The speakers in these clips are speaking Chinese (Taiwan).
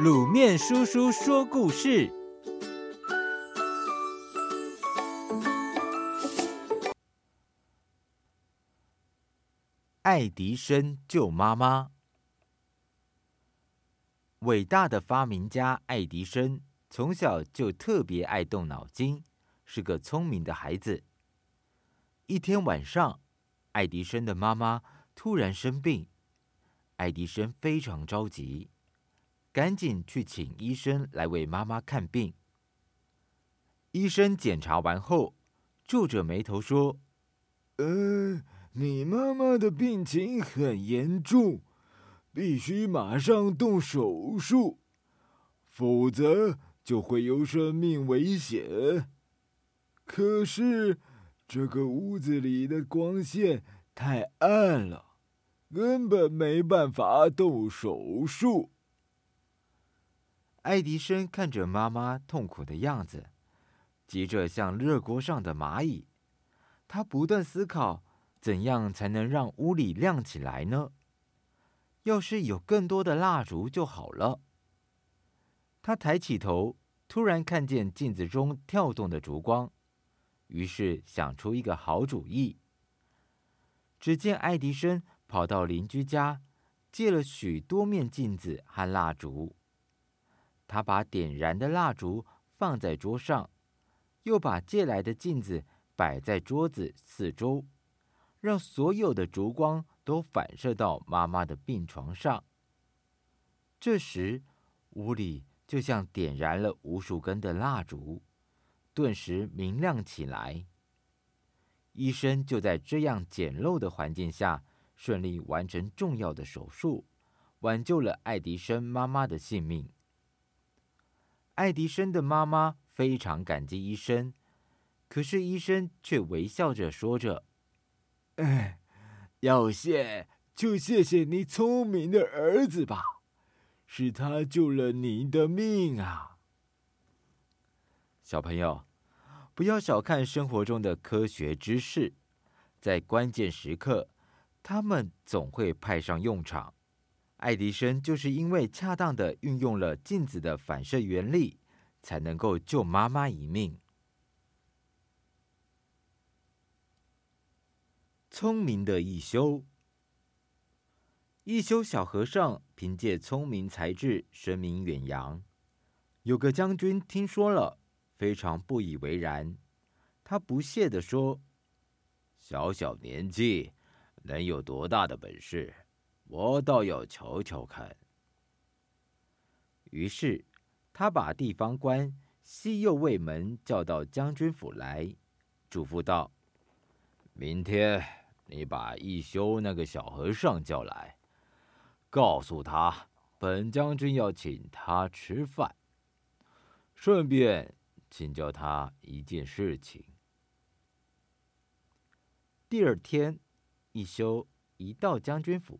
滷麵叔叔說故事：愛迪生救媽媽。偉大的發明家愛迪生從小就特別愛動腦筋，是個聰明的孩子。一天晚上，愛迪生的媽媽突然生病，愛迪生非常着急。趕緊去請醫生來為媽媽看病。醫生檢查完後，皺着眉頭說：“嗯、呃，你媽媽的病情很嚴重，必須馬上動手術，否則就會有生命危險。可是，這個屋子裡的光線太暗了，根本沒辦法動手術。”愛迪生看着媽媽痛苦的樣子，急得像熱鍋上的螞蟻。他不斷思考，怎樣才能讓屋裡亮起來呢？要是有更多的蠟燭就好了。他抬起頭，突然看見鏡子中跳動的燭光，於是想出一個好主意。只見愛迪生跑到鄰居家，借了許多面鏡子和蠟燭。他把點燃的蠟燭放在桌上，又把借來的鏡子擺在桌子四周，讓所有的燭光都反射到媽媽的病床上。這時，屋裡就像點燃了無數根的蠟燭，頓時明亮起來。醫生就在這樣簡陋的環境下，順利完成重要的手術，挽救了愛迪生媽媽的性命。愛迪生的媽媽非常感激醫生，可是醫生卻微笑着說着：“哎，要謝就謝謝你聰明的兒子吧，是他救了您的命啊！”小朋友，不要小看生活中的科學知識，在關鍵時刻，他們總會派上用場。愛迪生就是因為恰當的運用了鏡子的反射原理，才能夠救媽媽一命。聰明的一休，一休小和尚憑借聰明才智聲名遠揚。有個將軍聽說了，非常不以為然，他不屑地說：“小小年紀，能有多大的本事？”我倒要瞧瞧看。於是，他把地方官西右衛門叫到將軍府來，囑咐道：“明天你把一休那個小和尚叫來，告訴他，本將軍要請他吃飯，順便請教他一件事情。”第二天，一休一到將軍府。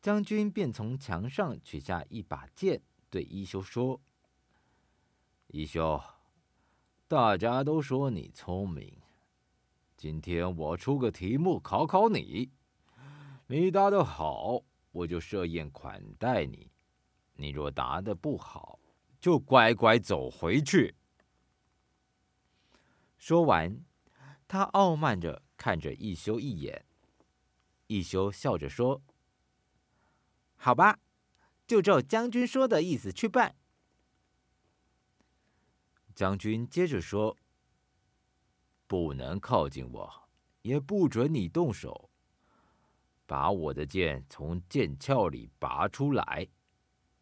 將軍便從牆上取下一把劍，對一休說：“一休，大家都說你聰明，今天我出個題目考考你。你答得好，我就設宴款待你；你若答得不好，就乖乖走回去。”說完，他傲慢地看着一休一眼。一休笑着說。好吧，就照將軍說的意思去辦。將軍接着說：“不能靠近我，也不准你動手，把我的劍從劍鞘裡拔出來。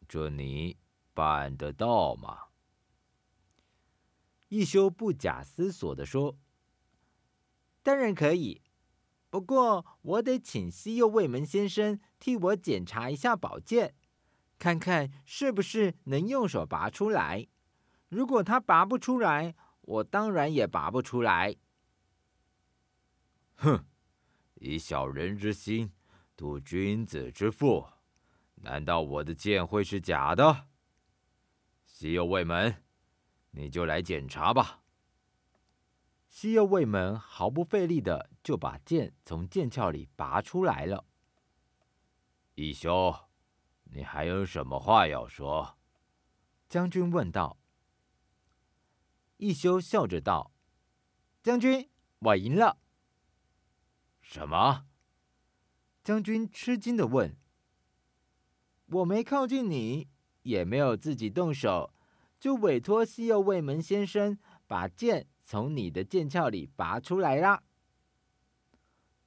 這你辦得到嗎？”一休不假思索地說：“當然可以。”不過，我得請西右衛門先生替我檢查一下寶劍，看看是不是能用手拔出來。如果他拔不出來，我當然也拔不出來。哼，以小人之心度君子之腹，難道我的劍會是假的？西右衛門，你就來檢查吧。西右衛門毫不費力的就把劍從劍鞘裡拔出來了。一休，你還有什麼話要說？將軍問道。一休笑着道：“將軍，我贏了。”“什麼？”將軍吃驚的問。“我沒靠近你，也沒有自己動手，就委託西右衛門先生拔劍。”從你的劍鞘裡拔出來啦！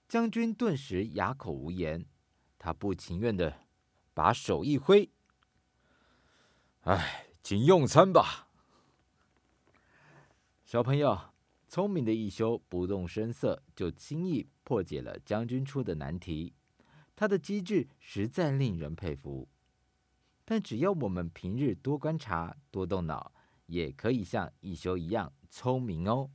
將軍頓時啞口無言，他不情願的把手一揮：“哎，請用餐吧。”小朋友，聰明的一休不動聲色就輕易破解了將軍出的難題，他的機智實在令人佩服。但只要我們平日多觀察、多動腦，也可以像一休一樣。聰明哦。